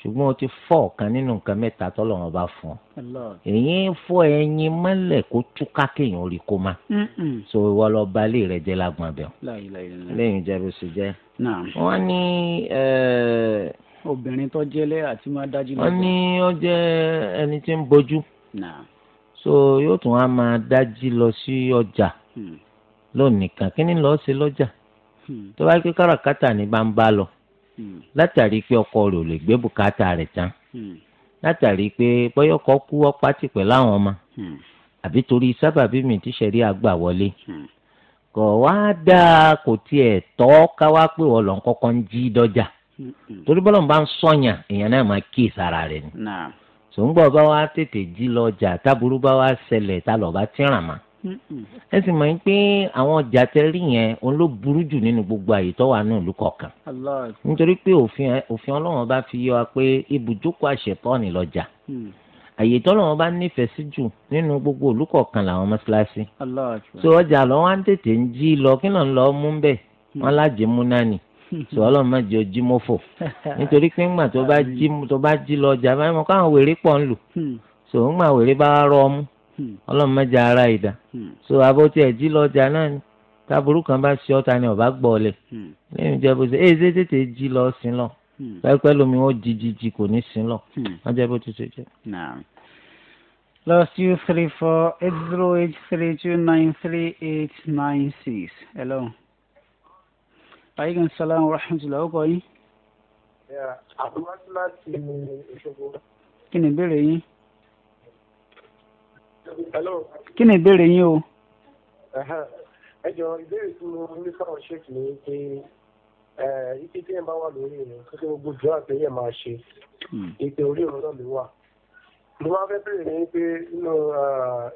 [SPEAKER 2] ṣùgbọ́n o ti fọ́ ọ̀kan nínú nǹkan mẹ́ta tọ́lọ̀ wọn bá fún ọ. èyí ń fọ́ ẹyin mọ́lẹ̀ kó túká kéèyàn orí kó má. so ìwọ lọ ba rẹ jẹ́ lágbọ̀n abẹ́ o. lẹ́yìn jẹ́ bó ṣe jẹ́.
[SPEAKER 1] wọ́n ní obìnrin tó jẹ́lẹ̀ àti máa dájú lọ́wọ́. wọ́n
[SPEAKER 2] ní ó jẹ́ ẹni tí ń bójú. so yóò tún wá máa dájú lọ sí ọjà hmm. lónìí kan kí ni lọ́ọ́ ṣe lọ́jà hmm. tó bá ké káràkátà ni bá ń bá lọ. Hmm. látàrí pé ọkọ rẹ̀ ò lè gbé bùkátà rẹ̀ tán hmm. látàrí pé bọ́yọ̀kọ́ kú ọpá tìpẹ́ láwọn ọmọ hmm. àbí torí sábàbí mi ti ṣẹ̀rí àgbà wọlé kò wá dáa kò tiẹ̀ tọ́ káwá pé wọ́n lọ́n kọ́kọ́ ń jí dọ́jà torí bọ́lọ̀ bá ń sọ̀yà èèyàn náà máa kí ìsara rẹ̀ ni tòun gbọ́ bá wá tètè jí lọ́jà táburú bá wá ṣẹlẹ̀ tá lọ́ọ́ bá tìràn máa ẹ sì mọ̀ pé àwọn ọjà tẹ́rí yẹn òun ló burú jù nínú gbogbo àyè tó wà nínú ìlú kọ̀ọ̀kan nítorí pé òfin ọlọ́run bá fi yé wa pé ibùjókòó àṣetọ́ọ̀nì lọ́jà mm. àyè tọ́lọ́run bá nífẹ̀ẹ́ sí jù nínú gbogbo ìlú kọ̀ọ̀kan làwọn mọ́ṣáláṣí so ọjà lọ́wọ́ á ń tètè ń jí lọ kí lọ́n lọ́ọ́ mú bẹ́ẹ̀ mm. wọn lájẹ mú náà nì sọ ọlọ́run má jẹ ojí mọfọ nítorí pé ńgbà tó bá jí lọ ọjà máa ń mọ káwọn wèrè pọ̀ ń lò mm. so ńgbà wèrè bá rọ ọmú Hmm. ọlọ́run mẹ́jọ ara ìdá hmm. so abọ́tí ẹ̀ jí lọ́jà náà ni táburú kan bá ṣe ọ́ta ni ọ̀bá gbọ́ ọ̀lẹ̀
[SPEAKER 4] hmm. lẹ́yìn
[SPEAKER 2] ìjọba ṣe é ṣe tètè jí lọ sí lọ pẹ́pẹ́ lomi wọ́n jí jí jí kò ní sí lọ wọ́n jẹ́ bó ti ṣe jẹ́.
[SPEAKER 1] plus two three four eight zero eight three two nine three eight nine six hello. aleykum salaam wa rahmatulah ó kọ yín.
[SPEAKER 3] àbúrò láti ìṣòro.
[SPEAKER 1] kí ni ìbéèrè yín kí ni ìbéèrè yín o.
[SPEAKER 5] ẹ jọ ìbéèrè tí mo ní fáwọn ṣéèkì ni pé ike tí ẹ bá wà lórí ìrìn kí gbogbo ìjọ àti ẹyẹ máa ṣe
[SPEAKER 4] hmm. ike orí
[SPEAKER 5] ìrìn náà ló wà. mo máa fẹ́ bèrè ní pé nínú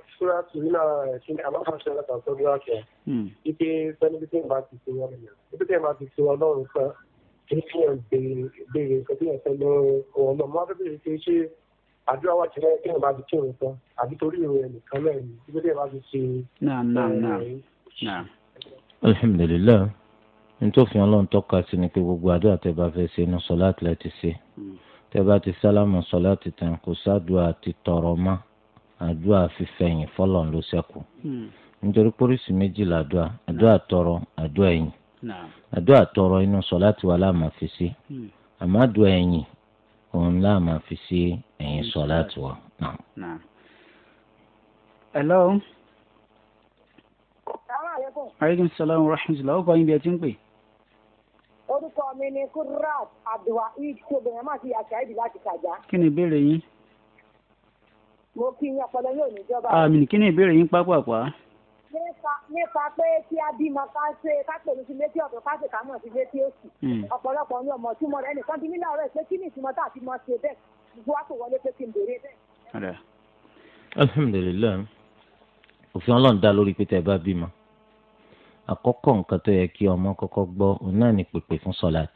[SPEAKER 5] ìṣúra tù nínú ẹ̀sìn àbáfàṣẹ ọlọ́pàá tó bí wàkẹ́ ike sẹ́ni tí ẹ bá ti ṣe wọn nìyẹn ike tí ẹ bá ti ṣe wọn lọ́rùn tán
[SPEAKER 4] kí ẹ béèrè
[SPEAKER 5] béèrè nǹkan tí ẹ fẹ́ lọ́rùn ọ̀nà àdúrà wà tẹ́lẹ̀ kí èèyàn bá ti kírun tán àbí torí ìròyìn ẹnìkan náà ni ibi tí èèyàn bá ti ṣe.
[SPEAKER 6] náà náà eh, náà.
[SPEAKER 2] alhamdulilayi nítòfin ọlọ́run tọ́ka sí ni pé gbogbo àdúrà tẹ́ bá fẹ́ ṣe inú sọlá tilẹ̀ ti ṣe hmm. tẹ́ bá ti sálámù sọlá ti tàn kó sádùá ti tọrọ mọ́ àdúrà fífẹ̀yìn fọlọ́n ló ṣẹ́kù hmm. nítorí pólísì méjìlá àdúrà àdúrà tọrọ àdúrà ẹ̀yìn àdúrà tọrọ inú sọlá ti wà láàmà fi ṣe hmm. ẹ̀yìn òun láà máa fi sí ẹ̀yìn sọ̀láàtì wa. hello. aleykum
[SPEAKER 1] salaam wa rahmatulah ó kọ́ yín bí ẹ ti ń pè.
[SPEAKER 3] orúkọ mi ni kudrat abdulwaheed tí obìnrin máa ti yà ṣáìdì láti ṣàjá.
[SPEAKER 1] kí ni ìbéèrè yín.
[SPEAKER 3] mo kí yín ọpọlọ yóò níjọba. àmì kí
[SPEAKER 1] ni ìbéèrè yín pápá pàápàá
[SPEAKER 3] nípa pé kí a bímọ ká ṣe ká pèmí sí létí ọ̀tún ká ṣe ká mọ̀ sí létí òsì hmm. ọ̀pọ̀lọpọ̀ ní ọmọ tí mo rẹ̀ nìkan bí nílẹ̀ ọ̀rẹ́ pé kí ni ìtumọ̀ tá a fi mọ ṣe bẹ́ẹ̀ gbogbo wa kò wọlé pé kí n béèrè
[SPEAKER 2] bẹ́ẹ̀. alhamdulilayi òfin ọlọ́run dá lórí pé tẹ́ ẹ bá bímọ àkọ́kọ́ nǹkan tó yẹ kí ọmọ kọ́kọ́ gbọ́ òun náà ní pèpè fún sọ́láàt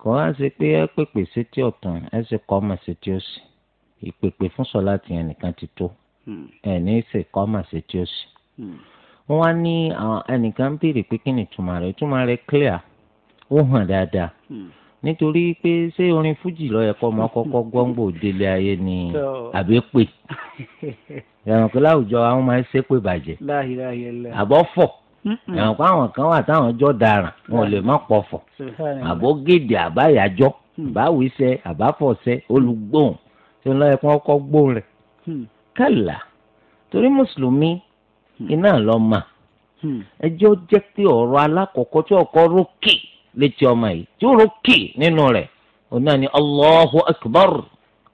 [SPEAKER 2] kò wá sí pé ẹ pèpè sétí ọ̀tún ẹ sì kọ́ ọmọ sétí òsì ìpèpè fún sọ́láàt yẹn nìkan ti tó Hmm. ẹ̀ ní ìsèkọ́ màsí tí ó sì. Hmm. wọ́n á ní ẹnìkan béèrè pé kí ni ìtumọ̀ rẹ̀ ìtumọ̀ rẹ̀ clear ó hàn dáadáa hmm. nítorí pé ṣé orin fújì ló yẹ kó ọmọ kọ́kọ́ gbọ́ngbò délé ayé ni àbí pè ẹ̀wọ̀n pé láwùjọ àwọn máa ń ṣépè bàjẹ́ àbọ̀ fọ̀ ẹ̀wọ̀n pé àwọn kan wà táwọn jọ daràn wọn ò lè má pọ̀ fọ̀ àbọ̀ gèdè àbáyájọ́ àbáwíṣẹ́ àbáfọ̀ṣẹ́ olùgbòhùn ṣé ló yẹ kó rẹ̀ kàlà torí mùsùlùmí hmm. iná lọ mà hmm. ẹjọ́ jẹ́ pé ọ̀rọ̀ alákọ̀ọ́kọ́ tí ọkọ rókè létí ọmọ yìí tí ó rókè nínú rẹ̀ òun náà ni Allahu akbar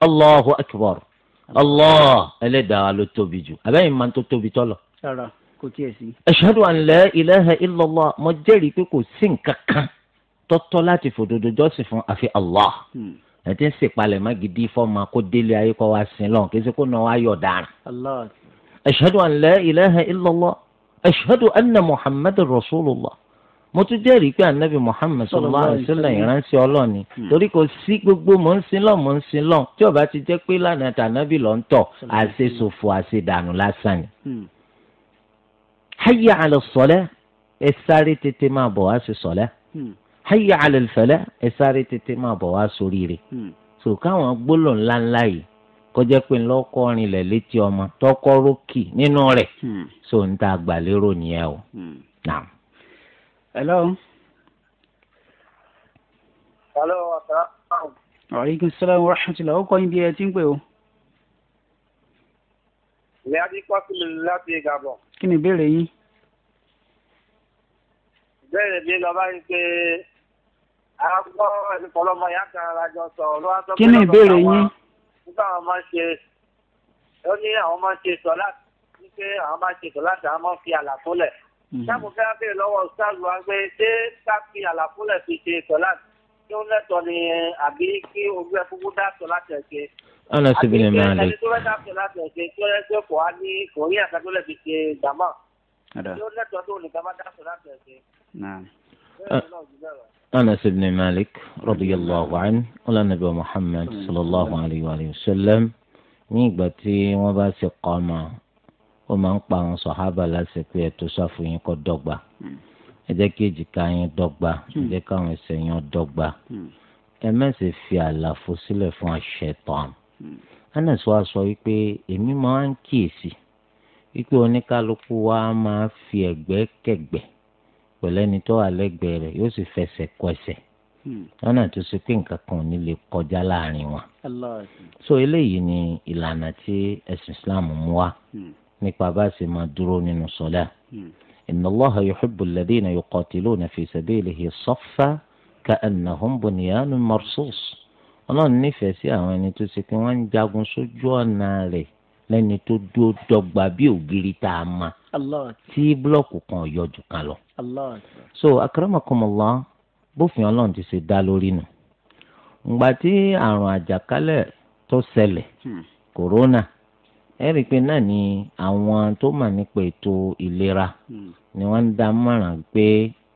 [SPEAKER 2] Allahu akbar Allah ẹlẹ́dàá ló tóbi jù abẹ́yìn máa ń tó tóbi tọ́lọ̀.
[SPEAKER 1] sara kò tiẹ̀ sí.
[SPEAKER 2] ashhadu an la ilaha mo jẹ́rìí pé kò sí nǹkan kan tọ́tọ́ láti fòdodo jọ́sìn fún àfi Allah. Hmm ẹ ti ń sèpalẹ̀ má gidi fọ́ọ̀mù kó délé ayé kọ́ wa sin lọ́n kí ẹ sẹ́ kó náà wá yọ̀ dára. ashhadu an la ilaha illallah ashhadu anna muhammadur rasulullah mo tún jẹ́rìí pé anabi muhammed sallallahu alaihi wasallam ìránṣẹ́ ọlọ́run ni hmm. torí kò sí gbogbo mò ń sin lọ́n mò ń sin lọ́n tí ó ti jẹ́ pé lánàá tànàbì lọ́n tọ̀ àṣeṣòfò àṣedànù lásán ni. Hmm. hayya ala salah ẹ sáré tètè máa bọ̀ wá sí sọ̀lẹ́. ha ala al tètè máa bọ̀ wá sórí hmm. so káwọn gbólọ̀ ńláńlá yìí kọjá pé ńlọkọ létí ọmọ tọkọ rókì nínú hmm. so ń ta nìyẹn o.
[SPEAKER 1] Hmm. hello.
[SPEAKER 5] hello asalaamu.
[SPEAKER 1] aleykum salaam wa rahmatulah kọ́ ibi ẹ ti
[SPEAKER 5] o. àgbọ̀ ọlọ́mọ yẹn kan rajọ sọ ló wá sọ pé ọlọ́mọ nígbà wọn máa ń ṣe ó ní àwọn máa ń ṣe sọ láti pé àwọn máa ń ṣe sọ láti àwọn máa ń fi àlàfo lẹ̀ mhm. fẹ́ bèèrè lọ́wọ́ ṣáàlù pé ṣé káfí àlàfo lẹ̀ fi ṣe sọ láti kí ó lẹ́tọ̀ ni àbí kí ojú ẹ kúkú dá sọ láti ẹ̀ ṣe
[SPEAKER 2] ana ni maa le. àti tó
[SPEAKER 5] bá dáàbò láti ọ̀sẹ̀ tí ó yẹ kò á ní kò rí àkàtúntò
[SPEAKER 4] lè
[SPEAKER 2] أنس بن مالك رضي الله عنه قال النبي محمد صلى الله عليه وآله وسلم nígbà tí wọ́n bá ṣe kọ ọmọ ó máa ń pa àwọn sọhábà láti pé ẹtọ sáfù yín kó dọ́gba ẹ jẹ́ kí èjìká yín dọ́gba ẹ jẹ́ káwọn ẹsẹ̀ yín dọ́gba ẹ má ṣe fi àlàfo sílẹ̀ fún àṣetán Anas wa sọ wípé èmi máa ń kíyèsí wípé oníkálukú wa máa fi ẹ̀gbẹ́ kẹ̀gbẹ́ pẹ̀lú ẹni tó wà lẹ́gbẹ̀ẹ́ rẹ̀ yóò sì fẹsẹ̀ kọsẹ̀ hmm. lọ́nà tó ṣe pé nǹkan kan ò ní lè kọjá láàrin wọn. so eléyìí ni ìlànà tí ẹ̀sìn Islam mú wá hmm. nípa bá a ṣe máa dúró nínú sọ́lá. Hmm. inna Allaha yuhibbu alladhina yuqatiluna fi sabilihi saffan ka'annahum bunyanun marsus. ọlọ́run nífẹ̀ẹ́ sí àwọn ẹni tó ṣe pé wọ́n ń jagun sójú ọ̀nà rẹ̀ lẹ́ni tó dúró dọ́gba bí ògiri tá a ma tí búlọ́ọ̀kù kan yọ jù kan lọ. so akaramakomola bófin ọlọ́run ti ṣe dá lórí nù. ngbà tí àrùn àjàkálẹ̀ tó ṣẹlẹ̀ hmm. kòrónà ẹ rí i pé náà ni àwọn tó mà nípa ètò ìlera hmm. ni wọ́n ń dá mọ̀ràn pé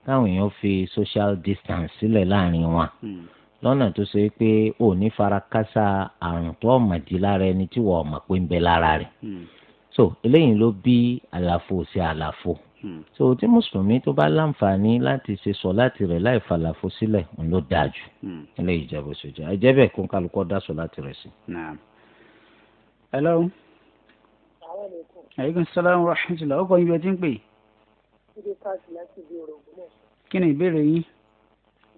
[SPEAKER 2] káwọn èèyàn fi social distance sílẹ̀ láàrin wọn. Hmm lọ́nà tó ṣe pé ò ní fara kásá àrùn tó ọ̀mọ̀dí lára ẹni tí wọ́n mọ̀ pé ń bẹ lára rẹ̀ hmm. so eléyìí ló bí àlàfo sí àlàfo hmm. so tí mùsùlùmí tó bá láǹfààní láti ṣe sọ láti rẹ̀ láì falàfo sílẹ̀ ń ló dáa jù hmm. eléyìí ìjẹ́bù sójà ẹ̀jẹ̀ bẹ́ẹ̀ kó kálukọ́ sọ láti rẹ̀ sí.
[SPEAKER 1] hello. aleykum salaam wa rahmatulah ọkọ yín bí ti ń pè. kí ni ìbéèrè yín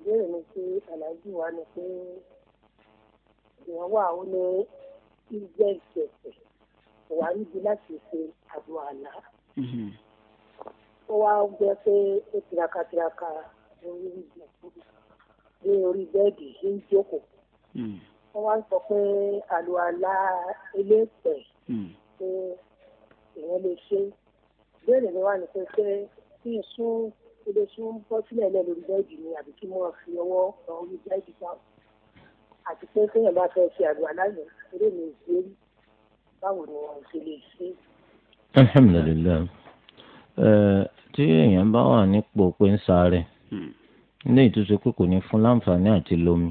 [SPEAKER 3] ìbéèrè mi sí aláàjì wa ni pé ìyàwó àwọn ní ìjẹ́ ìṣẹ̀ṣẹ̀ wà níbi láti ṣe àdó àlá. Mm-hmm. ó wá jẹ́ pé ó tiraka tiraka lórí ní orí bẹ́ẹ̀dì ní ìjókòó. Mm. ó wá sọ pé àdó àlá eléèpẹ̀ mm. pé èèyàn lè ṣe. ìbéèrè mi wà ní pé ṣé kí n sún ó lè tún bọ́ sílẹ̀ lẹ́ lórí bẹ́ẹ̀dì ni àbí kí wọ́n fi ọwọ́ kan orí bẹ́ẹ̀dì kan àti pé kéèyàn bá fẹ́ ṣe àdúrà láyé eré mi ò ṣe rí báwo
[SPEAKER 4] ni wọ́n ṣe lè ṣe.
[SPEAKER 2] alhamdulilayi tí èèyàn bá wà nípò pé ń sáré hmm. ilé ìtúsọ pé kò ní fún láǹfààní àti lómi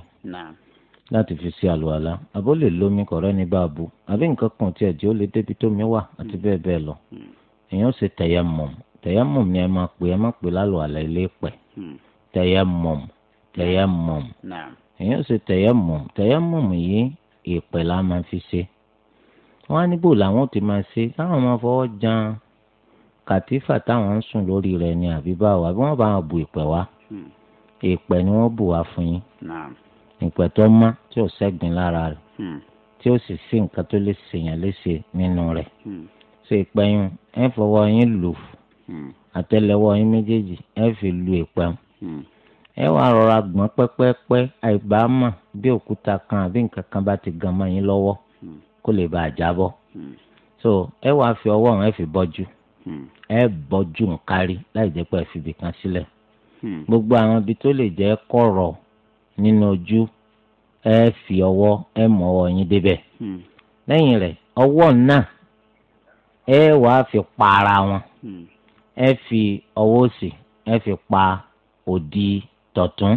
[SPEAKER 2] láti fi ṣe àlùwàlá àbó lè lómi kọ̀rẹ́ ní báàbò àbí nǹkan kan tiẹ̀ tí ó lè débi tómi wà àti hmm. bẹ́ẹ̀ bẹ́ẹ̀ lọ hmm. èèyàn ṣe tẹ̀yà mọ̀ tẹ̀yẹ́mọ̀m ni ẹ máa pè ẹ máa pè lálọ́ àlẹ́ ilé pẹ̀ tẹ̀yẹ́mọ̀m tẹ̀yẹ́mọ̀m èyí ó ṣe tẹ̀yẹ́mọ̀m tẹ̀yẹ́mọ̀m yìí ìpẹ̀ la máa fi ṣe wọ́n á níbò làwọn ò ti máa ṣe táwọn máa fọwọ́ jan kàtífà táwọn ń sùn lórí rẹ̀ ni àbí báwo àbí wọ́n bá wọn bu ìpẹ̀ wá hmm. ìpẹ̀ ni wọ́n bù wá fún yín ìpẹ̀ tó má tí ò sẹ́gbìn lára rẹ̀ hmm. tí ó sì sí nǹkan tó lè ṣèyàn léṣe nínú rẹ̀ hmm. ṣe ìpẹ́yìn ẹ fọwọ́ yín lù fún Hmm. àtẹ́lẹwọ́ yín méjèèjì ẹ fi lu ìpẹun hmm. ẹ wàá rọra gbọ̀n pẹ́pẹ́pẹ́ àìbámọ bí òkúta kan àbí nǹkan kan bá ti gan mọ́ yín hmm. kó lè bàa jábọ́ so ẹ wàá fi ọwọ́ ẹ fi bọ́jú ẹ bọ́jú nkárí láì jẹ́ pé ẹ fi ibì kan sílẹ̀ gbogbo àwọn ibi tó lè jẹ́ kọ̀rọ̀ nínú ojú ẹ fi ọwọ́ ẹ mọ ọwọ́ yín débẹ̀ lẹ́yìn rẹ̀ ọwọ́ náà ẹ wàá fi pa wọn ẹ fi ọwọ́ òsì ẹ fi pa òdì tọ̀tún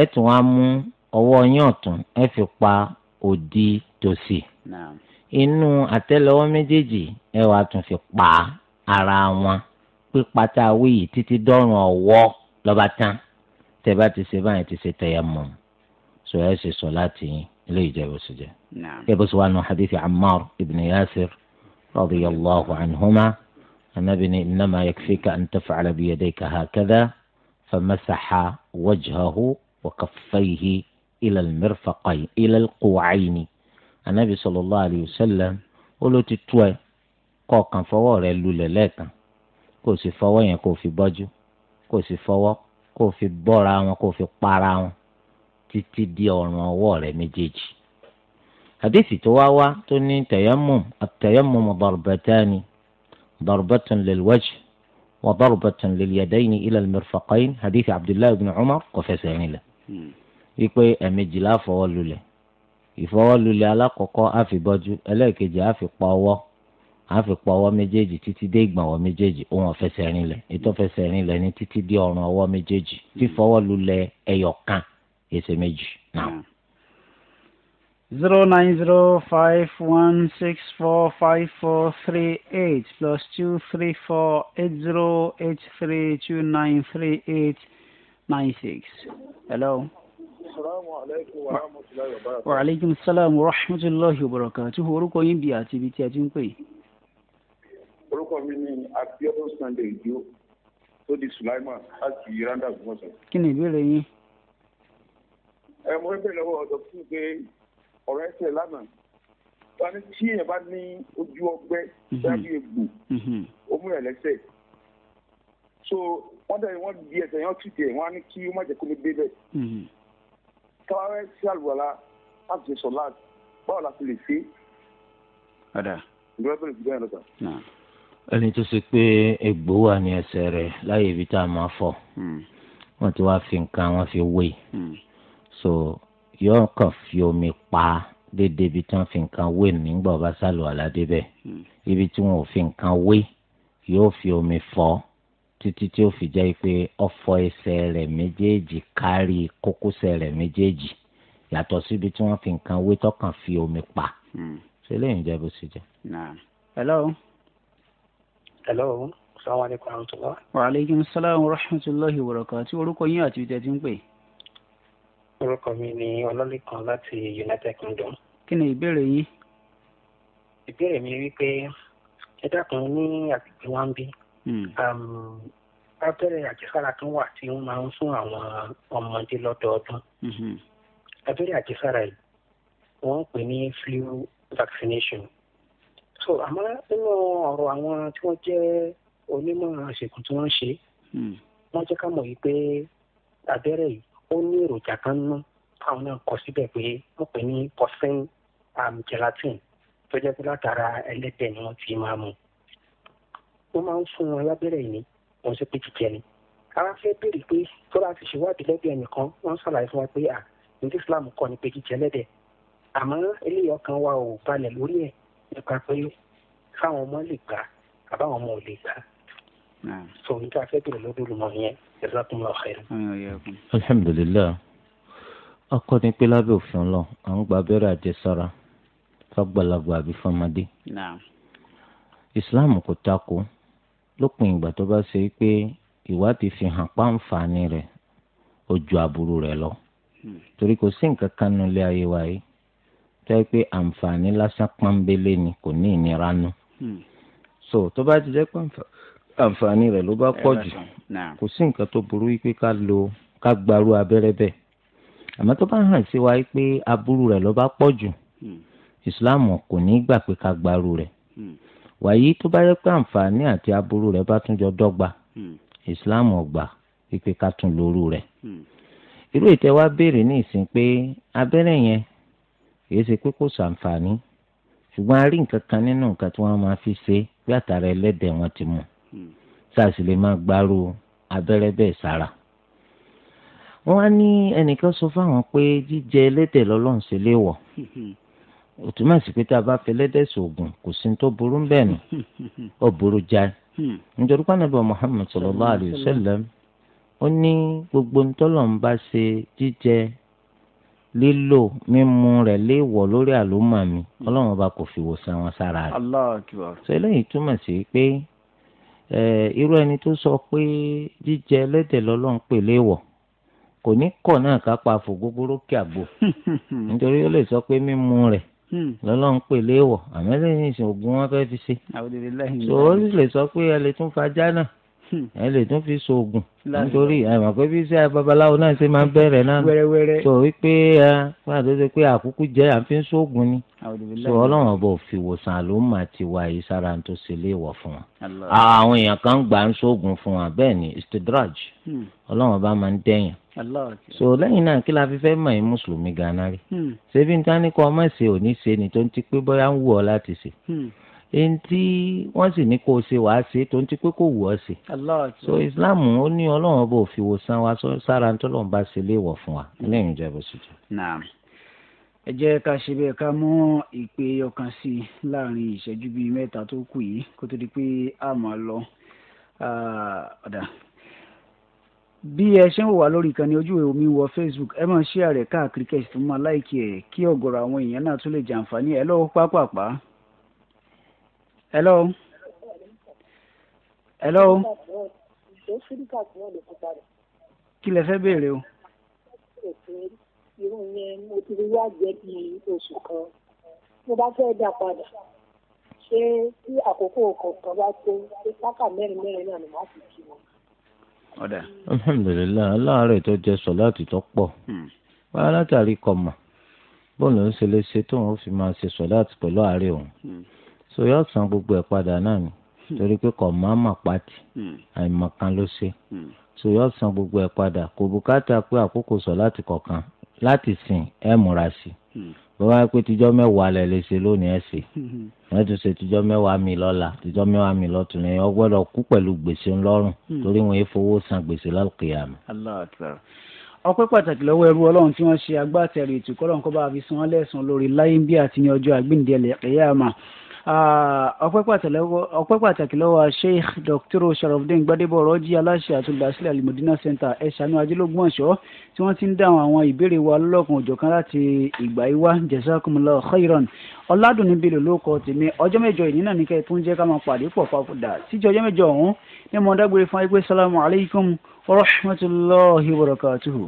[SPEAKER 2] ẹ tún á mú ọwọ́ yín ọ̀tún ẹ fi pa òdì tòsì inú àtẹ́lẹwọ́ méjèèjì ẹ wàá tún fi pa ara wọn pípa tá a wí yìí títí dọ́rùn ọwọ́ lọ́ba tán tẹ bá ti ṣe báyìí ti ṣe tẹ̀yà mọ́ sọ ẹ ṣe sọ láti yín ilé ìjẹ́bù sí jẹ́. kẹ́bùsùn wa nù hadith Ammar ibn Yasir radiyallahu anhuma anabi ni innama yakfika an taf'ala biyadayka hakadha famasaha wajhahu wa kaffayhi ila almirfaqayn ila alquwayni anabi sallallahu alayhi wa sallam ó ló ti tó ẹ kọ̀ọ̀kan fọwọ́ rẹ̀ lulẹ̀ lẹ́ẹ̀kan kó o sì fọwọ́ yẹn kó o fi bọ́jú kó o sì fọwọ́ kó o fi bọ́ra wọn kó o fi para wọn títí di ọ̀ràn ọwọ́ rẹ̀ méjèèjì. àdéhìí tó wá wá tó ní tayammum at-tayammum darbatani ضربة للوجه وضربة لليدين إلى المرفقين حديث عبد الله بن عمر قفزان له يقول أمجي لا فولو له يفولو له على قوقا أفي بجو ألاك جي في قوة أفي قوة مجيجي تتي ديقما ومجيجي أم فسان له إتو فسان له تتي ديونا ومجيجي تفولو له أيوكا يسمجي نعم
[SPEAKER 1] zero nine zero five one six four five four three eight plus two three four eight zero eight three two nine three eight nine six. Hello. wa aleykum salaam wa rahmatulahi wa barakatuhu orúkọ yín bí àti ibi tí a ti ń pè.
[SPEAKER 5] orúkọ mi ni abiodun sunday ijo tó di sulaiman láti randa gbọmọsán.
[SPEAKER 1] kí ni ìbéèrè yín.
[SPEAKER 5] ẹ mo ń bẹ̀rẹ̀ lọ́wọ́ ọ̀dọ́ fún pé ọ̀rọ̀ ẹsẹ̀ lánàá wọn ní tí èèyàn bá ní ojú ọgbẹ́ dájú mhm. egbò mhm. ó mú yàn so wọ́n dẹ̀ wọ́n di ẹsẹ̀ yẹn tì tẹ̀ wọ́n á ní kí ó má jẹ́ kó ní débẹ̀ káwá rẹ̀ sí àlùwàlá láti ṣe sọ̀lá báwo la fi lè ṣe.
[SPEAKER 2] ẹni tó ṣe pé egbò wà ní ẹsẹ̀ rẹ̀ láyé ibi tá a máa fọ̀ hmm. wọ́n ti wá fi nǹkan wọ́n fi wé hmm. so yóò kàn fi omi pa déédéé ibi tí wọ́n fi nǹkan wé nígbà ọba sálù aládé bẹ́ẹ̀ hmm. ibi tí wọ́n ò fi nǹkan wé yóò fi omi fọ títí tí ó fi jẹ́ pé ọfọ ẹsẹ̀ rẹ̀ méjèèjì kárí kókósẹ̀ rẹ̀ méjèèjì yàtọ̀ síbi tí wọ́n fi nǹkan wé tọkàn fi omi pa hmm. ṣe lẹ́yìn jẹ́ bó ṣe jẹ́.
[SPEAKER 1] hello.
[SPEAKER 3] hello salaamaleykum wa rahmatulah.
[SPEAKER 1] wa aleykum salaam wa rahmatulah wa barakatuh orúkọ yín àti ìtẹ̀tí ń pè é
[SPEAKER 3] orúkọ mi ni ọlọ́lẹ́kan láti United Kingdom.
[SPEAKER 1] kí ni ìbéèrè yín.
[SPEAKER 3] ìbéèrè mi wípé ẹ dákun ní àgbègbè wa ń bí. Hmm. Um, abẹ́rẹ́ àjẹsára kan wà tí wọ́n máa ń fún àwọn ọmọdé lọ́dọọdún. Hmm. abẹ́rẹ́ àjẹsára yìí wọ́n ń pè ní flu vaccination. so àmọ́ nínú ọ̀rọ̀ àwọn tí wọ́n jẹ́ onímọ̀ àṣekùn tí wọ́n ń ṣe hmm. wọ́n jẹ́ ká mọ̀ yìí pé abẹ́rẹ́ yìí ó ní èròjà kan nú táwọn náà kọ síbẹ̀ pé wọ́n pè ní porcine um, gelatin tó jẹ́ pé látara ẹlẹ́dẹ̀ ni wọ́n ti máa mu ó máa ń fún wọn lábẹ́rẹ́ yìí wọ́n sì pé jíjẹ ni ara fẹ́ béèrè pé tó bá ti ṣèwádìí lẹ́gbẹ̀ẹ́ ẹnìkan wọ́n ṣàlàyé fún wa pé à ní Islam kọ́ ni pé jíjẹ lẹ́dẹ̀ àmọ́ eléyìí ọkàn wa ò balẹ̀ lórí ẹ̀ nípa pé káwọn ọmọ lè gbà àbáwọn ọmọ ò lè gbà so n ta fẹ́ pèrè lọ́dún lọ́mọ yẹn jazakumullahu khairan.
[SPEAKER 2] alhamdulilayi akọni pé lábẹ́ òfin ọlọ à ń gba abẹ́rẹ́ àjẹsára fàgbàlagbà àbí fọmọdé. ìsìláàmù kò takò lópin ìgbà tó bá ṣe pé ìwádìí fi hàn páǹfààní rẹ̀ ó ju aburú rẹ̀ lọ torí kò sí nǹkan kan nílé ayé wa yìí tẹ́ pé àǹfààní lásán pọ́nbélé ni kò ní ìnira nu. so tó bá ti jẹ́ pọ́nfà àǹfààní rẹ̀ ló bá pọ̀ jù kò sí nǹkan tó burú wípé ká lo ká gbarú abẹ́rẹ́ bẹ́ẹ̀ àmọ́ tó bá hàn sí wa pé aburú rẹ̀ ló bá pọ̀ jù hmm. islam kò ní gbà pé ká gbarú rẹ̀ hmm. wàyí tó bá yẹ pé àǹfààní àti aburú rẹ̀ bá tún jọ dọ́gba hmm. islam ò gbà wípé ká tún lóru rẹ̀ irú ìtẹ́wá béèrè ní ìsìn pé abẹ́rẹ́ yẹn kì ṣe pé kò sàǹfààní ṣùgbọ́n a rí nǹkan kan nínú nǹkan tí wọ́n máa fi ṣe bí àtàrà ẹlẹ́dẹ̀ wọn ti mú un sars lè máa gbárù abẹ́rẹ́ bẹ́ẹ̀ sára. wọ́n á ní ẹnìkan sọ fáwọn pé jíjẹ ẹlẹ́dẹ̀ lọ́lọ́run ṣe léèwọ̀ òtúmọ̀ sí pé tá a bá fi ẹlẹ́dẹ̀ sògùn kò sí tó burú ń nù ó burú já nítorí pé Ànábì Muhammad sallallahu alayhi wa sallam ó ní gbogbo ntọ́lọ̀ ń bá ṣe jíjẹ lílò mímu rẹ̀ léèwọ̀ lórí àlómà mi ọlọ́run ọba kò fi wòsàn wọn sára rẹ̀. sọ túmọ̀ sí pé irú ẹni tó sọ pé jíjẹ ẹlẹ́dẹ̀ lọ́lọ́run pè léèwọ̀ kò ní kọ̀ náà ká pa àfò gbogbooro kí àgbo nítorí ó lè sọ pé mímu rẹ̀ hmm. lọ́lọ́run pè léèwọ̀ àmọ́ lẹ́yìn ìsìn ògùn wọn fẹ́ẹ́ fi ṣe. tó o lè sọ pé ẹ lè tún fa jánà. Hmm. ẹ lè tún fi ṣoògùn
[SPEAKER 1] nítorí àmọ́
[SPEAKER 2] pé bí iṣẹ́ babaláwo náà ṣe máa ń bẹ̀rẹ̀ náà sọ wípé ẹ fún àtúnṣe pé àkúkú jẹ́ àfin ṣoògùn ni sọ ọlọ́run ọba òfin ìwòsàn àlòmà ti wà yìí sára tó ṣe lé wọ̀ fún wọn. àwọn èèyàn kan gbà ń ṣoògùn fún wọn bẹ́ẹ̀ ni istidraj hmm. ọlọ́run ọba máa ń dẹ́yìn. so lẹ́yìn náà kí la fi fẹ́ mọ̀ ẹ́ mùsùlùmí ganan rí. Hmm. ṣebí ní tani kọ́ ọmọ ìṣe òní ṣe ni tó ń ti pé bóyá ń wù ọ́ láti ṣe ẹni tí wọ́n sì ní kó o ṣe wàá ṣe tó ń ti pé kò wù ọ́ ṣe. so islam ó ní ọlọ́run bò fi wò san wa sára tó lọ́n bá ṣe léèwọ̀ fún wa lẹ́yìn ìjọba ìṣèjọ.
[SPEAKER 1] ẹ jẹ́ ká ṣe bẹ́ẹ̀ ká mú ìpè ọkàn sí i láàrin ìṣẹ́jú bíi mẹ́ta tó kù yìí kó tó di pé a máa lọ ọ̀dà bí ẹ ṣe ń wà lórí ìkànnì ojú omi wọ facebook ẹ máa ṣí àrẹ káàkiri kẹsì tó máa láìkí ẹ kí ọ̀gọ̀rọ̀ àwọn èèyàn hello hello kí lẹ fẹ́ béèrè o.
[SPEAKER 3] irú yẹn mo ti rí wájẹ́ bí oṣù kan mo bá fẹ́ dá padà ṣé tí àkókò kọ̀ọ̀kan bá tó ṣé sáka mẹ́rin mẹ́rin náà ni màá fi kí wọn.
[SPEAKER 4] ọ̀dà
[SPEAKER 2] alhamdulilayi aláàárẹ̀ tó jẹ́ sọ láti tó pọ̀ hmm. wàá látàrí kọ̀mọ̀ bọ́ọ̀lù ń ṣe léṣe tóun fi máa ṣe sọ láti pẹ̀lú àárẹ̀ òun. Hmm so yóò san gbogbo ẹ̀ padà náà ni hmm. torí pé kò má mà pàtì hmm. àìmọ̀kan ló ṣe hmm. so yóò san gbogbo ẹ̀ padà kò bùkátà pé àkókò sọ láti kọ̀kan láti sìn ẹ̀ múra sí i bọ́wá pé tíjọ́ mẹ́wàá lẹ̀ lè ṣe lónìí ẹ̀ ṣe wọ́n tún ṣe tíjọ́ mẹ́wàá mi lọ́la tíjọ́ mẹ́wàá mi lọ́tún ní ọ gbọ́dọ̀ kú pẹ̀lú gbèsè ńlọ́rùn torí wọn yóò fowó san gbèsè lálùkìyàmù.
[SPEAKER 1] ọpẹ́ pàtàkì lọ́wọ́ ẹrú ọlọ́run tí wọ́n ṣe agbátẹrù ètò kọ́lọ́n bá fi san án lórí láyé bí àti ní ọjọ́ àgbéǹde ẹ̀lẹ́kẹ̀yàmà ọpẹ́ pàtàkì lọ́wọ́ sheikh dr sharafdin gbadebo ọ̀rọ̀jì aláṣẹ àtúndásílẹ̀ alimọ̀dínà center ẹ̀ṣánú ajílógún ọ̀ṣọ́ tí wọ́n ti ń dáhùn àwọn ìbéèrè wa lọ́kàn òjọ̀kan láti ìgbà yìí wá jazakumullahu khayron. ọ̀làdùnní bílò ló kọ́ tèmi ọjọ́ mẹ́jọ yìí nínà nìkẹ́ tó ń jẹ́ ká máa pàdé pọ̀ papòdà síjọ́ ọjọ́ mẹ́jọ ọ̀hún ní mo dágbére fún ẹgbẹ́ sálámù aleykum rahmatulahi wa barakatuhu.